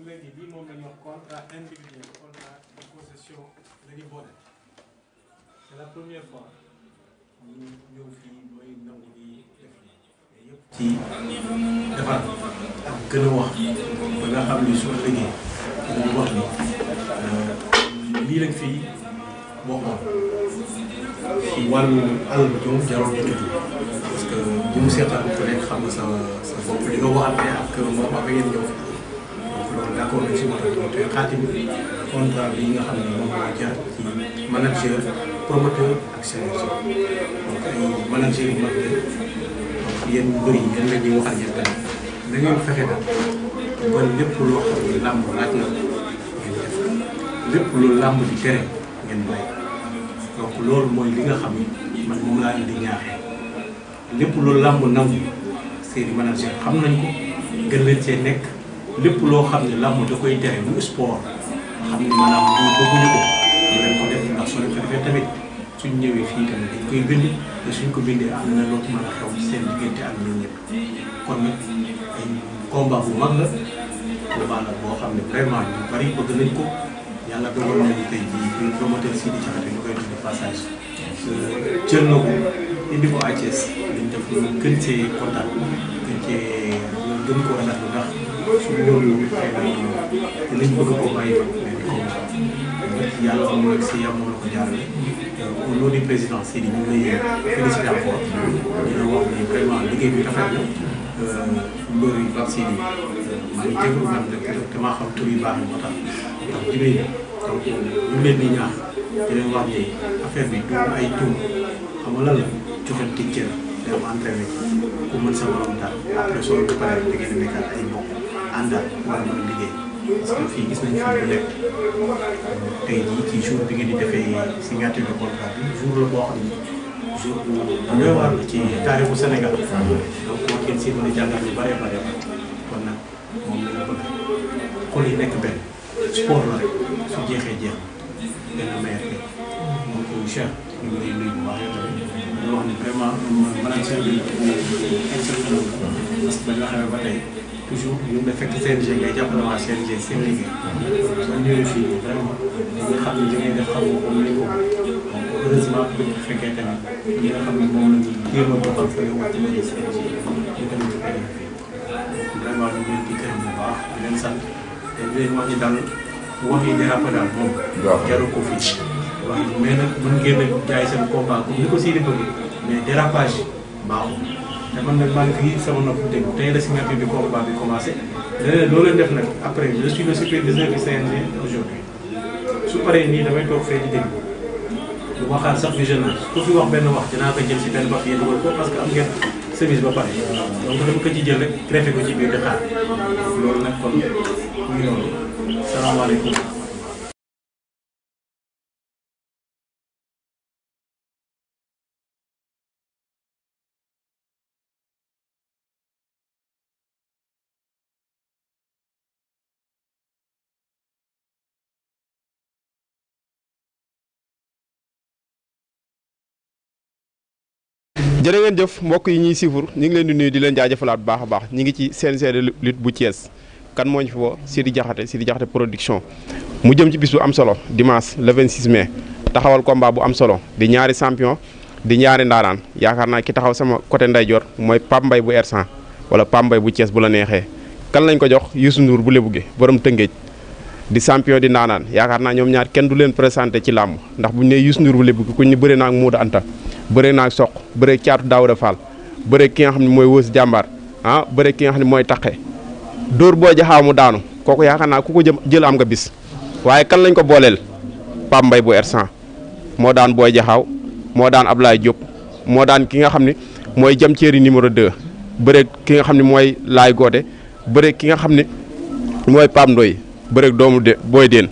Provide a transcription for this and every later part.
léegi bii mom la ñuy wax contrat individuel contrat de concession la bolé c'est la première fois ñu ñëw fii mooy nangu di def lii yépp ci defar ak gëna wax ba nga xam ni soo liggéey dañu wax ni lii lañ fii waxoon ci wàllu alal bi ñoom jaroon ñu tudd parce que ñu mu seetaan ku nekk xam nga sa sa bopp li nga waxante ak moom ak yéen ñëw accord ak seen patron te xaatim contrat bi nga xam ne moom moo jaar ci manager promoteur ak sélection donc ay manager yu mag lañ donc yéen ñu bëri yéen la ñuy waxal yéen tamit da ngeen fexe daal ba lépp loo xam ne làmb laaj na ngeen def lépp lu làmb di tere ngeen bàyyi donc loolu mooy li nga xam ne man moom laa indi ñaaxee lépp lu làmb nangu seen i manager xam nañ ko gën leen cee nekk. lépp loo xam ne làmb da koy tere mu sport xam ne maanaam ñu bëgguñu ko ko def tamit suñ ñëwee fii tamit dañ suñ ko bindee am na loo mën a xew ci seen diggante ak ñoom ñëpp kon nag ay combat bu mag la combat la boo xam ne vraiment ñu bari bëgg nañ ko yàlla dogal nañu tey jii ñun promoteur Sidi euh, gën cee kontaan gën cee gën ko rafetlu suñu wóorloo bi xëy na dañ bëgg koo bàyyi ba mais du ko mën yàlla xam nga si yàlla moom la ko jaarale au nom du président Sidi ñu ngi lay félicité encore dina wax ni damaa xam tur yu baax yi moo tax ndax jibee donc leen di ñaax di leen wax ni du ay tuum xam nga lan la joxante cër dem entraîné ku mën sa morom daal après soo ko paree da ngeen ay mbokk àndal war a mën a liggéey parce que fi bu nekk ci jour bi ngeen di defee signature de contrat bi jour la boo xam ne jour bu doy waar la ci taarixu Sénégal. donc boo kenn si mën a jàngal lu bare bare kon nag moom yi nekk benn sport la rek su jeexee jeex benn maire bi donc Cheikh ñu ngi lay nuyu bu baax di wax ne vraiment maanaam seen bi bu parce que ba ñu ba tey. toujours ñun le fekk seen jeu ngay jàppale waa seen jeu seen liggéey soo ñëwee fii vraiment dañuy xam ne li ngay def xam nga ko mën ko heureusement bu ñu fekkee tamit ñi nga xam ne moom la ñuy jéem a doxal fa yow ci liggéey seen jeu ñu tamit ñu koy def vraiment ñu leen di gërëm bu baax di leen sant te di leen wax ni daal wax yi dérapé daal moom jaru ko fi wax mais nag mën ngeen a jaay seen combat comme ni ko Sidi bëgg mais dérapage baaxul te man nag maa ngi fii sama nopp dégg tey la signature def nag après je suis le superviseur du su paree nii damay toog fee di dégg bu ma xaar sax visionnage ku fi wax benn wax dinaa ko jël si benn papier dugal ko parce que am ngeen service ba pare donc dama ko ci jël rek traité ko ci biir de xaar loolu nag kon muy loolu salaamaaleykum jërë ngeen jëf mbokk yi ñuy siifur ñu ngi leen di nuyu di leen jaajëfalaat bu baax a baax ñu ngi ci CNG de lutte bu Thiès kan moo ñu fi woo Sidi Diakhaté Sidi Diakhaté production mu jëm ci bis bu am solo dimanche le 26 mai taxawal combat bu am solo di ñaari champion di ñaari ndaanaan yaakaar naa ki taxaw sama côté ndeyjoor mooy Pape Mbaye bu Ersan wala Pape Mbaye bu Thiès bu la neexee kan lañ ko jox Youssou Ndour bu Lebu borom Tëngéej di champion di ndaanaan yaakaar naa ñoom ñaar kenn du leen présenté ci làmb ndax buñ ne Youssou Ndour bu Lebu gi ñu bëre naa ak Anta bëree naag soq bëree caatu daawuda faal bëree ki nga xam ni mooy wës jàmbaar ah bëree ki nga xam ne mooy taqe dóor booy jaxaaw mu daanu kooku yaakaar naa ku ko jël am nga bis waaye kan lañ ko booleel Pape mbay bu R100 moo daan booy jaxaaw moo daan Ablaye Diop moo daan ki nga xam ne mooy jam ceeri numéro 2 bëreeg ki nga xam ne mooy laay goode bëreeg ki nga xam ne mooy Pape ndoy bëreeg doomu de booy déen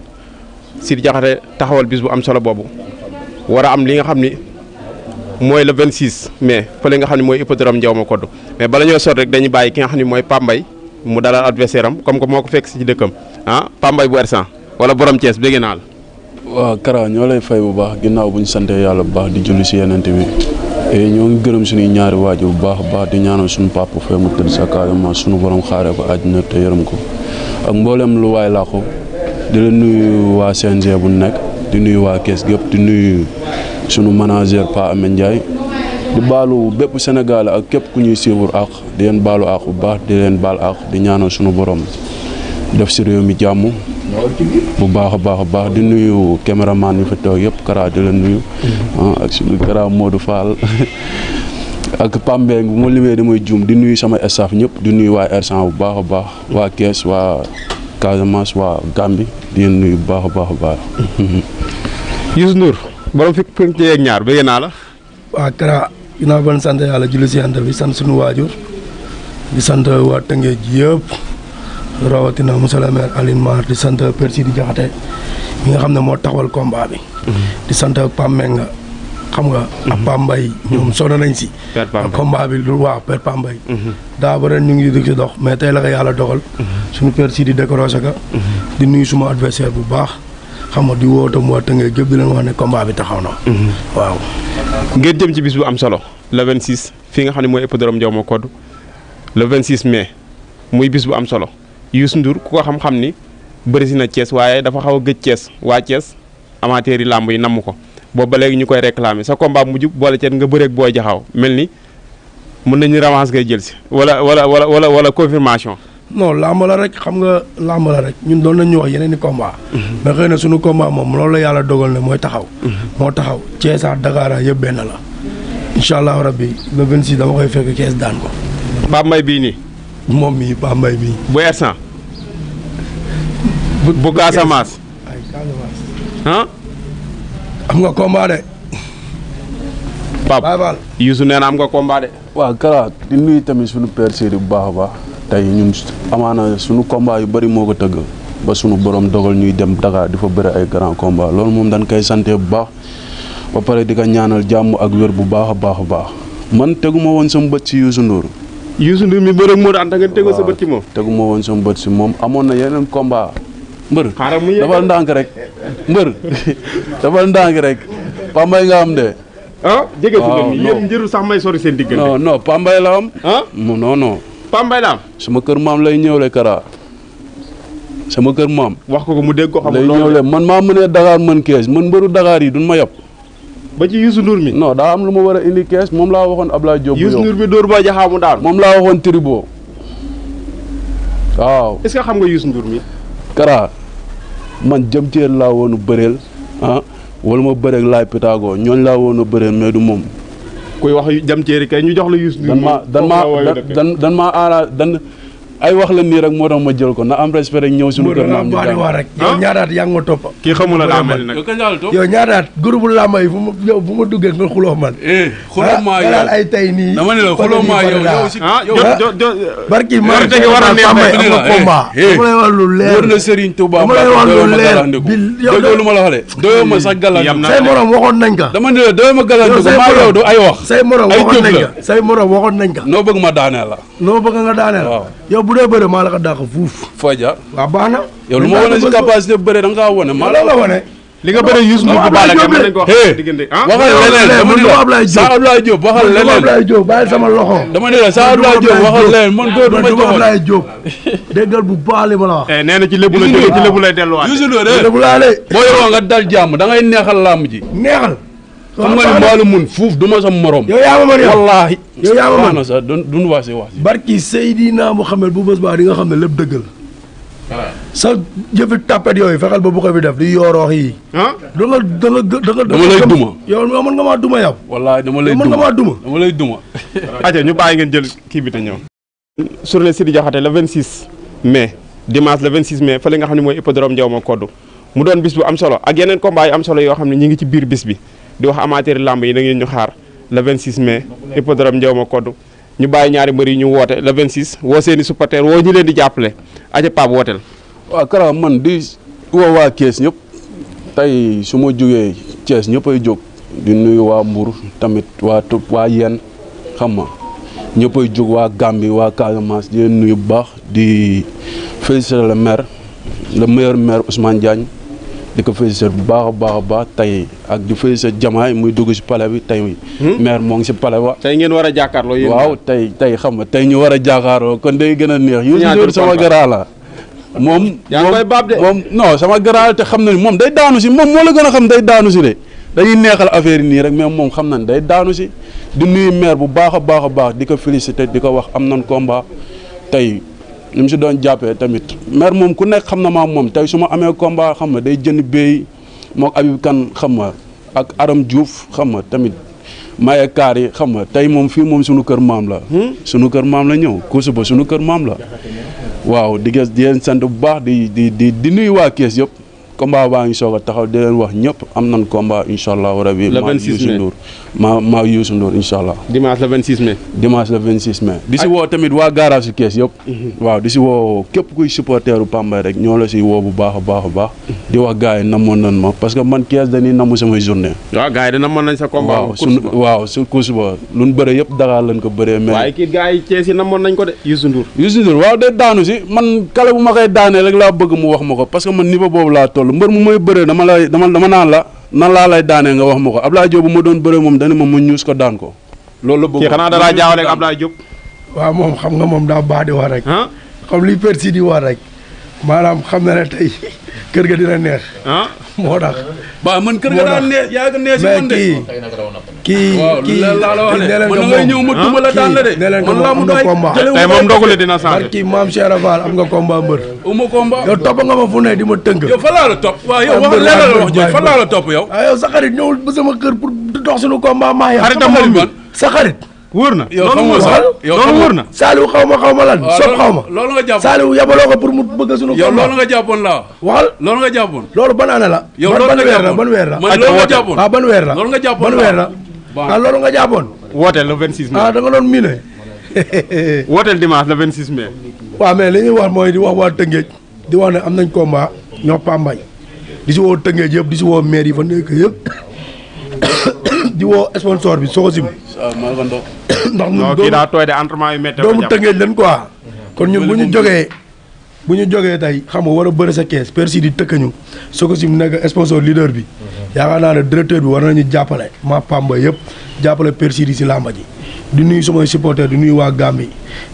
si jaxate taxawal bis bu am solo boobu moy le 26 mai fele nga xamni moy hippodrome ndiawma koddu mais bala ñoo sot rek dañuy bayyi ki nga xamni moy Pambay mu dalal adversaire am comme ko moko fekk ci dëkkam han ah, Pambay bu Ersan wala borom Thiès dégg wa Kara ñoo lay fay bu baax ginnaw bu ñu sante yàlla bu baax di julli ci yeneen bi e ñoo ngi gëreum suñu ñaari waju bu baax baax di ñaanal suñu papa fay mu teul sa ma suñu borom xaaree ko àjjana te yërëm ko ak mboolem lu way la ko di la nuyu wa CNG bu nekk di nuyu wa kees gep di nuyu sunu manager Pa Amen Ndiaye di balu bepp senegal ak kep ku ñuy suivre ak di len balu ak bu baax di len bal ak di ñaanal sunu borom def ci rew mi jamm bu baax baax baax di nuyu cameraman yu fa tok yep kara di len nuyu ah, ak sunu kara Modou Fall ak pambe bu ma limee damay jum, di nuyu sama staff ñep di nuyu wa R100 bu baax baax wa kees wa Casamance waa Gambie di leen nuyu bu baax a baax a baax. Youssou Ndour borom fi fukki ak ñaar bëgg naa la. waaw Kara ginnaaw ban sant yàlla julli si yàlla bi sant suñu waajur di sant waa Tëngéej ji yëpp rawatina monsieur le Mar di sant Percy di Jaxate mi nga xam ne moo taxawal combat bi. Mhm. di sant Pam Menga. xam nga. ak mhm. Pambay. Mhm. ñoom solo nañ si. Père Pambay combat bi lu waaw Père mhm. daa ba ren ñu ngi dugg si dox mais tey la ko yàlla dogal. suñu père si di décroché ka. di nuyu suma adversaire bu baax. xam nga di woote mu waa Tëngéej gépp di leen wax ne combat bi taxaw na. waaw. ngeen jëm ci bis bu am solo. le 26 fii nga xam ne mooy hippodrome Ndiaw Macodou le 26 mais muy bis bu am solo Youssou Ndour ku ko xam-xam ni bëri na Thiès waaye dafa xaw a gëj Thiès waa Thiès amateur yi làmb yi namm ko. boobu ba léegi ñu koy réclamer sa combat mujj boole ceeb nga bëreeg booy jaxaw mel ni mën nañu revanche ngay jël si wala wala wala wala wala confirmation. non làmbala rek xam nga làmbala rek ñun doon nañu wax yeneen di combat mhm. mais xëy na suñu combat moom loolu la yàlla dogal ne mooy taxaw. Mhm. moo taxaw Thiès ak yëpp benn la. incha allah rabbi le 26 dama koy fekk Thiès daan ko. Pape bii nii. moom mii Pape Mbaye bii. bu am nga combat de. Pape Baye nee na am nga combat de. waaw Kara di nuyu tamit suñu père bu baax a baax tey ñun amaana suñu combat yu bari moo ko tëgg ba sunu borom dogal ñuy dem Dakar di fa bëri ay grand combat loolu moom dañ koy sante bu baax ba pare di ko ñaanal jàmm ak wér bu baax a baax a baax man teguma woon sama bët si Youssou Ndour. Youssou Ndour mi bëre moo daan Anta nga tegu sa bët ci moom. teguma woon sama bët si moom amoon na yeneen combat. mbër dafal ndànk rek mbër dafal ndànk rek pambay nga am de ah jege su ni yéen njëru sax may sori seen diggante non non pambay la am ah non non sama kër maam lay ñëwle Kara sama kër maam wax ko ko mu dégg ko xam lay ñëwle man maa mënee Dakar mën kees man mbëru Dakar yi duñ ma yab ba ci Youssou nduur mi non daa am lu ma war a indi kees moom laa waxoon ab laa Youssou Ndour mi dóor ba jaxaamu daan moom laa waxoon Tribo waaw est xam nga Youssou Ndour mi Kara man jëm teel laa woon bëreel ah wala ma bëreeg laay Pythagore ñooñ laa woon a bëreel mais du moom. kuy wax jëm teel kay ñu jox la Youssou Ndour. dan maa dan maa dan dan maa aara dan. ay wax la ni rek mo tax ma jël ko na am respect rek ñew suñu kër na am ñu bari war rek ah? yow ñaaraat ya nga top ki kii xamul la mel nak yow ñaaraat groupe la may fu mu yow bu ma duggé nga xulo man eh xulo ma yow dal ay tay ni dama ni la xulo ma yow yow si ah, barki ma maa tegi war a neex am nga eh, combat dama eh, eh. lay wax lu leer wër na Serigne Touba dama lay wax lu leer yow loolu ma la xalé do doyoo ma sa galandiku say morom waxon nañ ka dama ni la do doyoo ma ko maa yow do ay wax say morom waxon nañ ka say morom waxon nañ ka no bëgg ma daaneel la noo bëgg nga daaneel la bu dee bëre maa la ko dàq fuuf. foo jaar waaw baax na. yow lu ma wane si capacité bëre da nga maa la ko li nga bëre Youssou Ndour bu Balla Gaye mën nañ ko wax diggante ah waxal leneen man dama Ablaye Diop loxo dama ne la sa Ablaye Diop waxal leneen man góor du ma joxoon Ablaye Diop déggal bu baax li ma wax eh nee na ci lébu la lay delluwaat Youssou Ndour de eh. lébu laa de boo yoroo nga dal jàmm dangay neexal laamu ji neexal xam nga mun fuuf du ma morom. yow yaa ma mën yow wallaahi. yow yaa ma mën sax barki Seydina Mouhamed bu bés baa di nga sa jëfi tapet yooyu fexeel ba bu ko fi def di yooroox yi. ah da nga da nga da nga. duma yow mën nga maa duma yow. wallaahi dama lay duma nga duma. dama lay duma. aja ñu bàyyi ngeen jël kii bi te ñëw. journée Sidi Diakhaté le 26 mai dimanche le 26 mai fële nga xamni moy hippodrome jawma ma koddu mu doon bis bu am solo ak yenen combat yu am solo yo xamni ñi ngi ci biir bis bi di wax amateur lamb yi da ngeen ñu xaar le 26 mai hippodrome jawma Koddu ñu bay ñaari mbeuri ñu wote le 26 wo seeni supporter wo ñu leen di jàppale aja pap wotel wa Kara man di wo wa Thiès ñep tay suma juggé ties Thiès ñëpp ay jóg di nuyu wa mbur tamit wa top wa yenn xam ma ñëpp ay jóg waa Gambie waa Casamance di nuyu bax di féliciter le maire le meilleur maire Ousmane Diagne. di ko féliciter bu baax a baax a baax tey ak di féliciter jamaay muy dugg si palais bi tey hmm? maire moo ngi si palais wa tey ngeen war a jàkkaarloo yéen waaw tey tey xam nga tey ñu war a jàkkaarloo day gën a neex yu jor sama la moom yaa ngi koy baab de moom non garaa te xam na ni moom day daanu si moom moo la gën a xam day daanu si de dañuy neexal affaire yi nii rek mais moom xam nañ day daanu si di nuyu maire bu baax a baax baax di ko féliciter di ko wax am na nañ combat tey li mu si doon jàppee tamit maire moom ku nekk xam na maam moom tey su ma amee combat xam nga day jënd béy moo Habib Kane xam nga ak Aram Diouf xam nga tamit maye kaar yi xam nga tey moom fii moom suñu kër maam la. Hmm? sunu kër maam la ñëw ba suñu kër maam la. waaw di gës di leen sant bu baax di di di di nuyu waa Kees yëpp. combat baa ngi soog a taxaw di leen wax ñëpp am na combat incha allah rabi. le 26 mai maa maa Youssou Ndour incha allah. dimanche le 26 mai. dimanche le 26 mai. di si woo tamit waa garage su kees yëpp. Mhm. waaw di si woo képp kuy supporteru Pambay rek ñoo la si woo bu baax a baax a baax. di wax gars yi namoon nañ ma parce que man kees dañuy namu samay journée. waaw gars yi dina mën nañ sa combat. waaw su course ba lu ñu bëree yëpp Dakar lañ ko bëree. mais waaye kii gars yi kees yi namoon nañ ko de. Youssou Ndour Youssou Ndour waaw de daanu si man kale bu ma koy daanee rek laa bëgg mu wax ma ko parce que man ni niveau boobu laa toll mbër mu may bëree dama lay dama dama naan la nan laa lay daanee nga wax ma ko Abdoulaye Diop bu ma doon bëree moom dana ma mu ñuus ko daan ko. loolu la bëgg kii xanaa dara jaawale ak Abdoulaye Diop. moom xam nga moom daa baax di wax rek. comme li Persi di wax rek maanaam xam na ne tey kër ga dina neex. ah moo tax. waaw man kër ga daan neex yaa ngi neex si man de. kii kii man ngay ñëw ma duma la ah, daan la de. ne leen ko moom am nga combat tey moom ndogule dina sànq. kii maam am nga combat mbër. uma combat yow topp nga ma fu ne di ma tënk. yow fa laa la topp waaw yow wax la wax jooju fa laa ah, sa xarit ñëwul ba sama kër pour dox suñu combat maa yow. xaritam sa xarit. Wurna, na yow xaw ma sol yow loolu wóor na saaliw xaw ma xaw ma lan sob xaw ma loolu nga jàpp saaliw yabaloo ko pour mu bëgg sunu yow loolu nga jàppoon la waxal loolu nga jàppoon loolu ban la yow loolu nga jàppoon ban weer la man nga jàppoon ah ban weer la loolu nga jàppoon ban weer la ah loolu nga jàppoon wootel le 26 mai ah da nga doon miné wootel dimanche le 26 mai waaw mais li wax mooy di wax waa tëngeej di wax ne am nañ combat ñoo pambay di si woo tëngeej yëpp di si woo maire yi fa nekk yëpp di woo sponsor bi soxosim ndax ñun kii daa tooy de entraînement yu métti doomu tëngeej leen quoi kon ñun bu ñu jogee bu ñu jogee tey xam nga war a bëri sa kees persi di tëkkañu soo ko si nekk sponsor leader bi yaakaar naa ne directeur bi war nañu jàppale ma pamba yëpp jàppale persi di si làmba ji di nuyu samay supporter di nuyu waa Gàmbi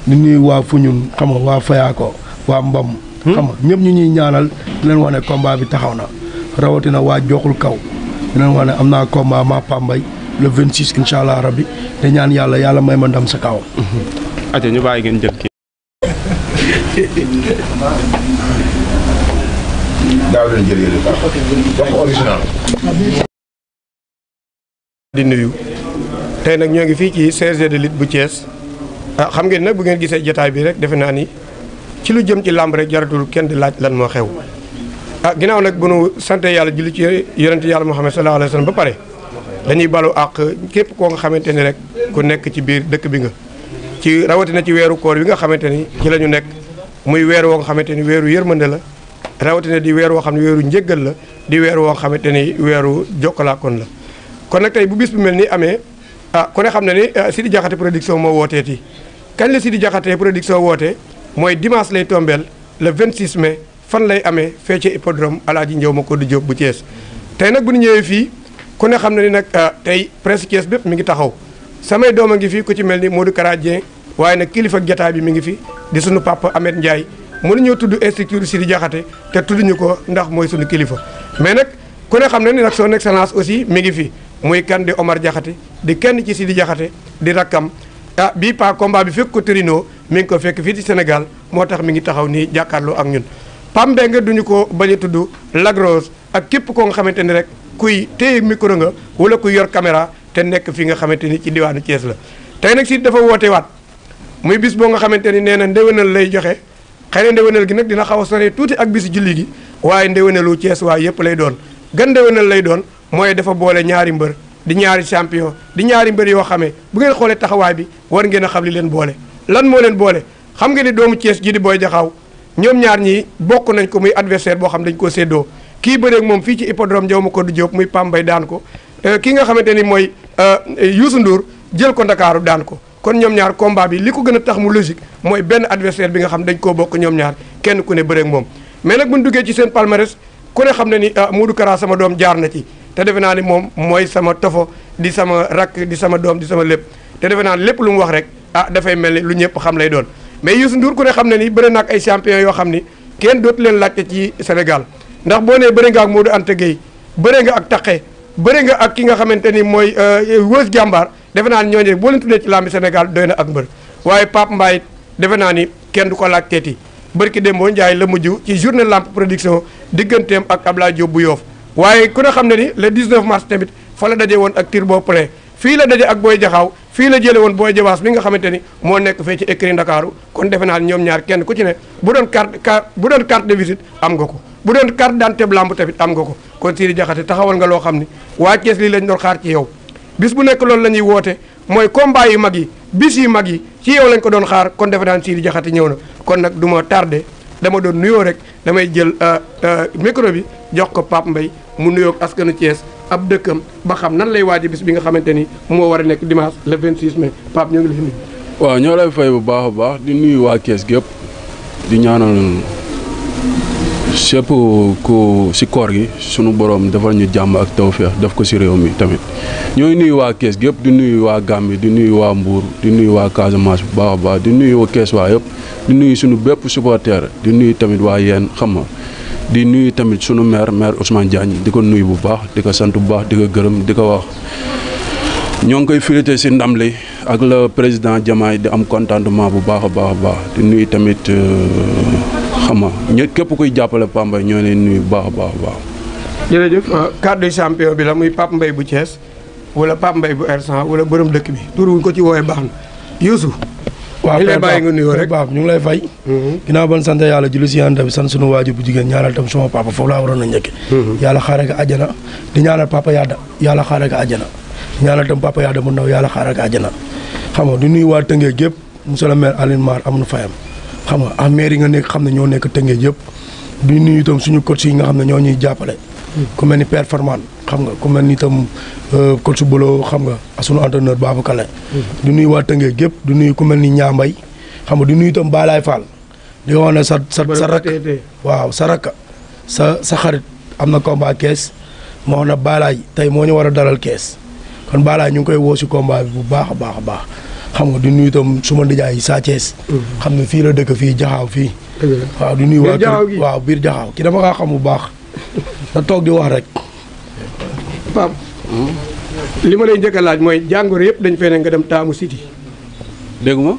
di nuyu waa fu Fuñun xam nga waa Fayaako waa Mbam hmm? xam nga ñëpp ñu ñuy ñaanal di leen wax ne combat bi taxaw na rawatina waa joxul kaw di leen wax ne am naa combat ma pambay le 26 incha allah rabbi te ñaan yàlla yàlla may ma sa kaw. ñu bàyyi ngeen jël di nuyu tey nag ñoo ngi fii ci CRG de lutte bu cees ah xam ngeen nag bu ngeen gisee jataay bi rek defe naa ni ci lu jëm ci làmb rek jaratul kenn di laaj lan moo xew ah ginnaaw nag bu nu sante yàlla julli ci yonent yàlla Muhammad sallallahu alayhi wa sallam ba pare. dañuy balu àq képp koo nga xamante ni rek ku nekk ci biir dëkk bi nga ci rawatina ci weeru koor bi nga xamante ni ci la ñu nekk muy weer woo nga xamante ni weeru yërmande la rawatina di weer woo xam ne weeru njëggal la di weer woo xamante ni weeru jokkalaakoon la kon nag tey bu bis bu mel ni amee ah ku ne xam ne ni ah, Sidi Diakhaté production moo wooteeti kañ la di Diakhaté production woote mooy dimanche lay tombeel le 26 mai fan lay amee fee ci hippodrome Alaaji Njaw Makoddu Jóob bu Thiès bu ñu ku ne xam na ni nag euh, tey presse Thiès bépp mu ngi taxaw samay doom a ngi fi ku ci mel ni moo di Kara Dieng waaye nag kilifa jotaay bi mi ngi fi di sunu papa Ahmed Ndiaye ñëw tudd institut Sidi Diakhaté te tudduñu ko ndax mooy sunu kilifa. mais nag ku ne xam ne ni nag son excellence aussi mi ngi fi muy kan di Omar Diakhaté di kenn ci Sidi Diakhaté di rakkam ah bii pas combat bi fekk ko Torino mi ngi ko fekk fii ci senegal moo tax mi ngi taxaw nii jàkkaarloo ak ñun Pam Mbengue duñu ko bañ a tudd Lagrose ak képp koo nga xamante ni rek. kuy téye micro nga wala kuy yor caméra te nekk fi nga xamante ni ci diwaanu cees la te nag si dafa woote waat muy bis boo nga xamante ni nee na ndéwénal lay joxe xëy na ndéwénal gi nag dina xaw a sore tuuti ak bisu julli gi waaye ndéwénalu Thiès waaye yëpp lay doon gan ndéwénal lay doon mooy dafa boole ñaari mbër di ñaari champion di ñaari mbër yoo xamee bu ngeen xoolee taxawaay bi war ngeen a xam li leen boole lan moo leen boole xam nga doomu Thiès ji di Boy Jaxaaw ñoom ñaar ñi bokk nañ ko muy adversaire boo xam dañ koo séddoo kii bëreeg mom fi ci hippodrome ko du job muy Pambay dan ko ki nga xamanteni moy euh yousou Ndour jël ko Ndakaaru dan ko kon ñom ñaar combat bi liku gëna tax mu logique moy ben adversaire bi nga xam dañ ko bok ñom ñaar kenn ku ne bëreeg mom mais nak buñ duggé ci sen palmarès ku ne xam ni euh, Modou Kara sama dom jaar na ci te def na ni mom moy sama tofo di sama rak di sama dom di sama lepp te def na lepp lu mu wax rek ah da fay melni lu ñepp xam lay doon mais yousou Ndour ku ne xam ni beure nak ay champion yo xam ni kenn dot leen laajte ci Sénégal ndax boo nee bëri nga ak Modou Anta Gueye bëri nga ak Taqe bëri nga ak ki nga xamante ni mooy euh, Weus Jàmbaar defe naa ni ñooñu rek boo leen tuddee ci làmbi Sénégal doy na ak mbër waaye Pape Mbaye defe naa ni kenn du ko laaj ki dem Dembo Ndiaye la mujj ci journée lampe production digganteem ak Ablaye Diop bu Yoof waaye ku ne xam ne ni le 19 mars tamit fa la daje woon ak Turbo Play fii la daje ak Boy Jaxaaw fii la jële woon Boy mi nga xamante ni moo nekk fee ci écurie Ndakaaru kon defe naa ñoom ñaar kenn ku ci ne bu doon carte bu doon carte nga ko bu don carte d'identité lamb tafi tam nga ko kon Sidi jaxati taxawal nga lo xamni ni waa lañ do xaar ci yow bis bu nek lool la wote moy combat yu magi bis yu magi ci yow lañ ko don xaar kon defa dan Sidi Diakhaté kon nak duma tardé dama don nuyo rek damay jël euh, euh, micro bi jox ko pap Mbaye mu ak askanu Thiès ab dëkkam ba xam nan lay waji bis bi nga xamanteni mo wara nek dimanche le 26 mai pap ñu ngi lay wa waaw fay bu baax baax di nuyu wa Thiès gep di ñaanal sëpp ku si koor gi sunu borom defal ñu jàmm ak tawféex def ko si réew mi tamit ñooy nuyu waa kees gi di nuyu waa Gàmbi di nuyu waa Mbuur di nuyu waa Casamance bu baax a baax di nuyu waa kees waa yëpp di nuyu suñu bépp supporter di nuyu tamit waa yeen xam nga di nuyu tamit sunu maire maire Ousmane Diagne di ko nuyu bu baax di ko sant bu baax di ko gërëm di ko wax ñoo ngi koy félicité si ndam li ak la président Diomaye di am contentement bu baax a baax baax di nuyu tamit. Euh, xama nga ñet képp kuy jàppale Pambay ñoo leen nuy baax baax baax euh, carte de champion bi la muy pap mbay bu Thiès wala pap mbay bu R100 wala borom dëkk bi tur wuñ ko ci wooye baax yusuf wa ñu lay bay nga nuyo rek baab ñu lay fay mm-hmm. gina ban sant yàlla julli si yàlla bi sant sunu waajur bu jigen ñaaral tam suma papa fofu la waroon a njëkk mm-hmm. yàlla xaare ka àjjana di ñaanal papa yalla yalla xara ga aljana ñaanal tam papa yalla mu ndaw yalla xara ga aljana xam nga di nuyu wa tëngee gep monsieur le maire Aline Mar amnu fayam xam nga ah maire yi nga nekk xam ne ñoo nekk tëngee yëpp di nuyu itam suñu coach yi nga xam ne ñoo ñuy jàppale. ku mel ni performant xam nga ku mel ni itam euh, coach Bolo xam nga ak suñu entraîneur Babou Kale. du nuyu waa tëngee gépp du nuyu ku mel ni ñaambay xam nga di nuyu itam Balaye Fall. di nga wax ne sa sa sa rakk waaw sa rakk sa sa xarit am na combat kees moo wax ne Balaye tey moo ñu war a dalal kees kon Balaye ñu ngi koy woo si combat bu baax a baax a baax. xam nga du nuyu itam suma nijaay Sa Thiès mm-hmm. xam ne fii la dëkk fii jaxaaw fii waaw di nuyu waa waaw biir jaxaaw ki dama kaa xam bu baax da toog di wax rek li ma lay njëkk laaj mooy jàngoro yëpp dañ fee ne nga dem taamu siti dégguma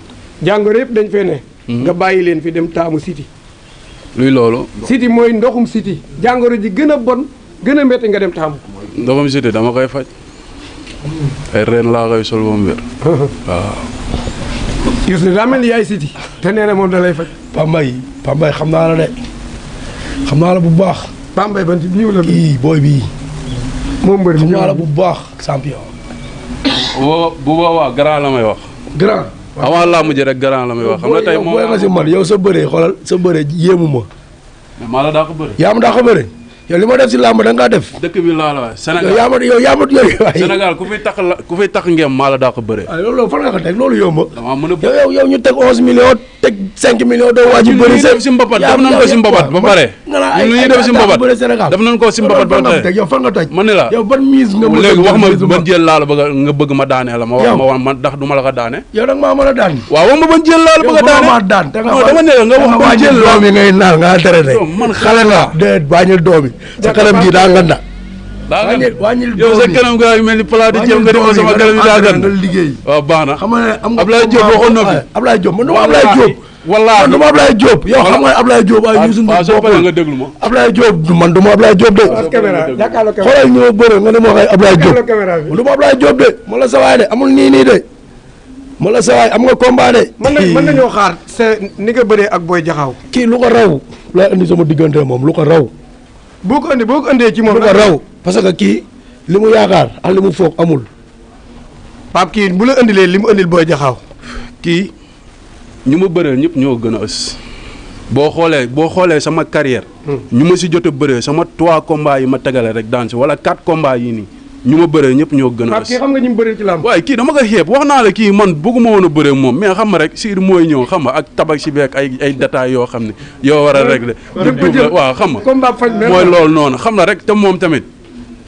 jàngoro yëpp dañ fee ne mm-hmm. nga bàyyi leen fi dem taamu siti luy loolu siti mooy ndoxum siti jàngoro ji gën a bon gën a métti nga dem taamu ndoxum siti dama koy faj ay reen laa koy sol ba mu wér. waaw. gis nga daa mel ni yaay siti te nee na moom da lay faj. Pambay Pambay xam naa la de xam naa la bu baax. Pambay ban ci ñëw bu baax champion. bu grand la may wax. grand. avant laa mujj rek grand la may wax. xam nga tey moom yow si man yow sa bëree xoolal sa bëree yéemu ma. yaa ma daa ko bëree. yow li ma def si làmb da ngaa def. dëkk bi laa la waay Sénégal yow yaa ma yow yaa ma yooyu waay. Sénégal ku fi tax la ku fi tax ngeem maa la daa ko bëree. waaw loolu fan nga ko teg loolu yomb. damaa mën a yow yow ñu teg onze millions. cinq millions doo waaju bëri seen si mbapat def nañ ko si mbapat ba pare lu ñuy def si mbapat def nañ ko si mbapat ba pare ma ne la wax ma ban jël laa la bëgg ma daanee la ma wax ma ma ndax du ma la ko daane yow da nga maa mën a daan waaw wax ma ban jël laa la bëgg a daane dama ne nga wax ban jël doom ngay naal nga traité man xale nga déet bàññil doom sa kanam gi daa nga na wàññil wàññil yow sa kanam gaa yu mel ni plat di jëm nga di sama kanam yi daa gën liggéey waaw baax na xam nga am Ablaye Diop waxoon na fi Ablaye Diop man dama Ablaye Diop wallaahi man dama Ablaye Diop yow xam nga Ablaye Diop ay Youssou Ndour bopp nga déglu ma Ablaye Diop man dama Ablaye Diop de xoolal ñoo bëre nga ne ma waxee Ablaye Diop man dama Ablaye Diop de ma la sawaay de amul nii nii de ma la sawaay am nga combat de mën na mën nañoo xaar c'est ni nga bëree ak Boy Jaxaw kii lu ko raw laa indi sama diggante moom lu ko raw boo ko indi boo ko indee ci moom lu ko raw parce que ki limu yaakar ak limu mu amul. pap ki bu la indilee limu andil boy jaxaw ki ñuma ñu ñep bëreel ñëpp ñoo gën a bo xolé xoolee boo sama carrière. Hmm. ñuma ci si jot sama trois combats yi ma tegale rek dans wala quatre combats yi ni ñuma ma ñep ñëpp gëna gën pap ki xam nga ñu bëree ci lamb way ki dama ko xép wax naa la ki man bëgguma woon a bëree moom mais xam rek sir moy ñew xam ak tabak ci beeg ay ay détails yo xamni yo wara régler. wa xam nga. combat fañ mooy loolu noonu xam la rek te mom tamit.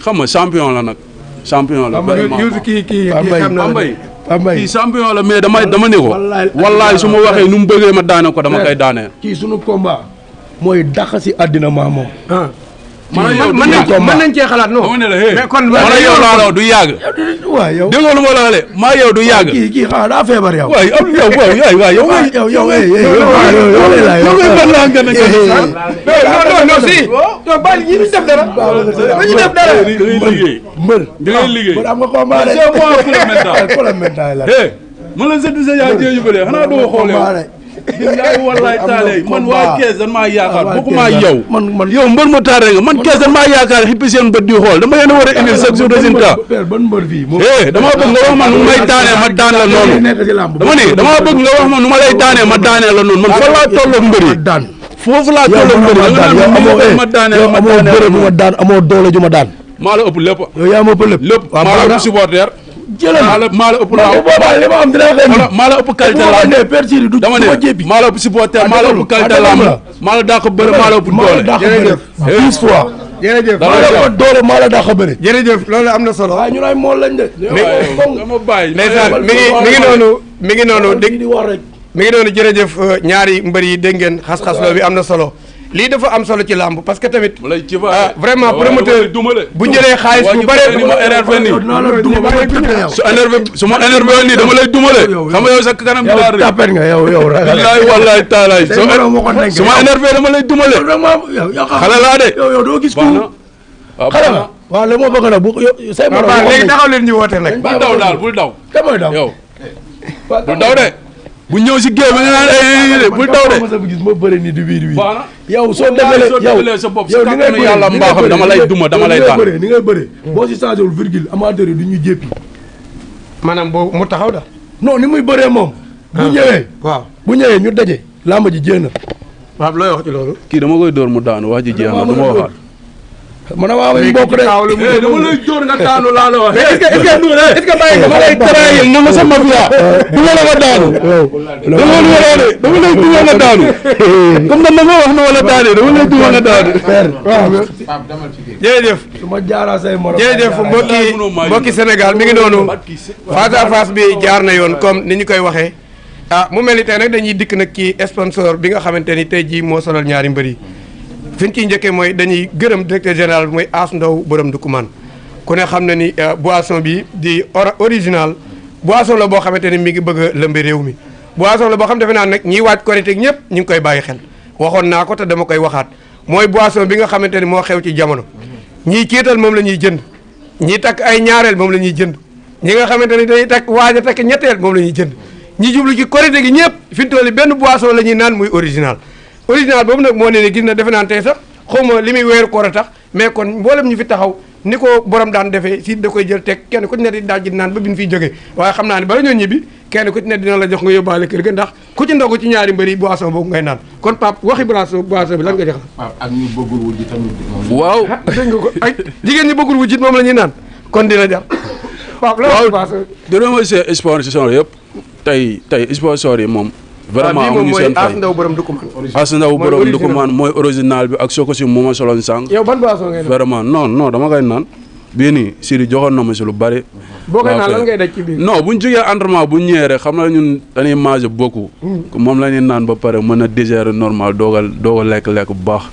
xam nga champion la nag. champion la kii kii kii xam na kii champion la mais damay dama ne ko. wallaay su ma waxee nu mu bëggee ma daane ko dama eh, koy daanee kii sunu combat. mooy dax si àddina maa moom. Ah. man mën nañ cee xalaat non. mais kon wala yow laaloo du yàgg. waaw yow déggoo lu ma la waxee maa yow du yàgg. kii kii xaaral daa feebar yow. waay yow yow waay yow. yow yow yow yow yow yow yow yow billaay wallaay taalee man waa kees dan maa yaakaar bokkuma yow man man mbër ma taare nga man kees dan maa yaakaar xippi seen bët xool dama leen a war a indil chaque jour résultat ban mbër fii eh dama bëgg nga wax ma nu may daanee ma la noonu dama ne dama bëgg nga daanee la noonu man fa laa tolloog mbër yi foofu laa tolloog mbër yi danga ma daanee ma daanee amoo bëre ma daan amoo doole ju ma daan maa la ëpp lépp yow yaa ma ëpp maa la ëpp supporter jëlal maa la maa la ëpp laaw boobaa li ma am dinaa ko indi maa la ëpp qualité laaw ne pertir du dama maa la ëpp supporter maa la ëpp qualité laaw maa la maa la ëpp doole jërëjëf maa la ëpp doole maa loolu am na solo waaye ñu ay mool lañ de dama bàyyi ndeysaan mi ngi mi ngi noonu mi ngi noonu dégg euh, ñaari mbër yi dégg ngeen xas-xas loo bi am na solo lii dafa am solo ci làmb parce que tamit. Ah, vraiment promoteur bu njëlee xaalis bu bëree du ma su énervé su ma énervé nii dama lay dumale. xam nga yow sa kanam bi laa rëy. yow yow wallaay taalaay su ma énervé dama lay dumale. xale laa de. yow doo gis waaw léegi moo bëgg nag bu say. léegi taxaw leen ñu woote nag. bul daw daal bul daw. damay daw de. bu ñëw si géej ba nga naan eh, eh, eh, bu daw de. ma gis ma bëri nii di wiir wiir. yow soo defalee yow sa bopp yow ni ngay bëri yàlla mbaaxam dama lay duma dama lay daan ni ngay bëri boo si changé wul virgule amateur yi du ñu jéppi. maanaam boo mu taxaw da non ni muy bëree moom. bu ah. ñëwee. waaw bu ñëwee ñu daje. làmb ji jéem na. waaw looy wax ci loolu. kii dama koy dóor mu daanu wax ji jéem na du ma ma ne maa ngi bokk de eh, dama lay dóor nga daanu laa la wax. est-ce que est-ce que est-ce que bàyyi nga ma lay na ma sa mafia. du ma dama lay dugal nga daanu. comme que ma nga wax mbokki mbokki Sénégal mi ngi noonu face à bi jaar na yoon comme ni ñu koy waxee. ah mu mel ni tey nag dañuy dikk nag kii sponsor bi nga xamante ni tey jii moo solal ñaari mbër yi fi ñu ciy njëkkee mooy dañuy gërëm directeur général bi mooy As Ndaw borom Ndoukoumane ku ne xam na ni euh, boisson bi di original boisson la boo xamante ni mi ngi bëgg a lëmbe réew mi boisson la boo xam defe naa nag ñiy waaj ñëpp ñu ngi koy bàyyi xel waxoon naa ko dama koy waxaat mooy boisson bi nga xamante ni moo xew ci jamono ñiy ciital moom la ñuy jënd ñi takk ay ñaareel moom la ñuy jënd ñi nga xamante ni dañuy takk waaj a takk ñetteel moom la ñuy jënd ñi jublu ci korite gi ñëpp fi mu toll benn boisson la ñuy naan muy original original boobu nag moo ne ne gis na defe naan tey sax xaw ma li muy weeru koor a mais kon mboolem ñu fi taxaw ni ko borom daan defee si da koy jël teg kenn ku ci ne daal naan ba bin fiy jógee waaye xam naa ne bala ñoo ñibbi kenn ku ci ne dina la jox nga yóbbaale kër ga ndax ku ci ndogu ci ñaari mbëri boisson boobu ngay naan kon pap waxi boisson bi lan ah, ko ay jigéen ñi bëggul wujjit moom la ñuy naan kon dina jar pap la boisson dinoo ma see sponsor yëpp tey tey sponsor yi moom vraiment ah, amuñu seen fay Asou Ndaw borom Dukumaan. Asou Ndaw borom Dukumaan mooy original bi ak soo ko si mu ma soloon sànq. yow ban boisson ngay naan vraiment non non dama koy naan. bii nii Sidi joxoon na ma si lu bari. boo koy naan lan ngay bu ñu jógee entraînement bu ñu xam na ñun dañuy manger beaucoup. Hmm. moom la ñuy naan ba pare mën a digérer normal doog a doog a lekk lekk bu baax.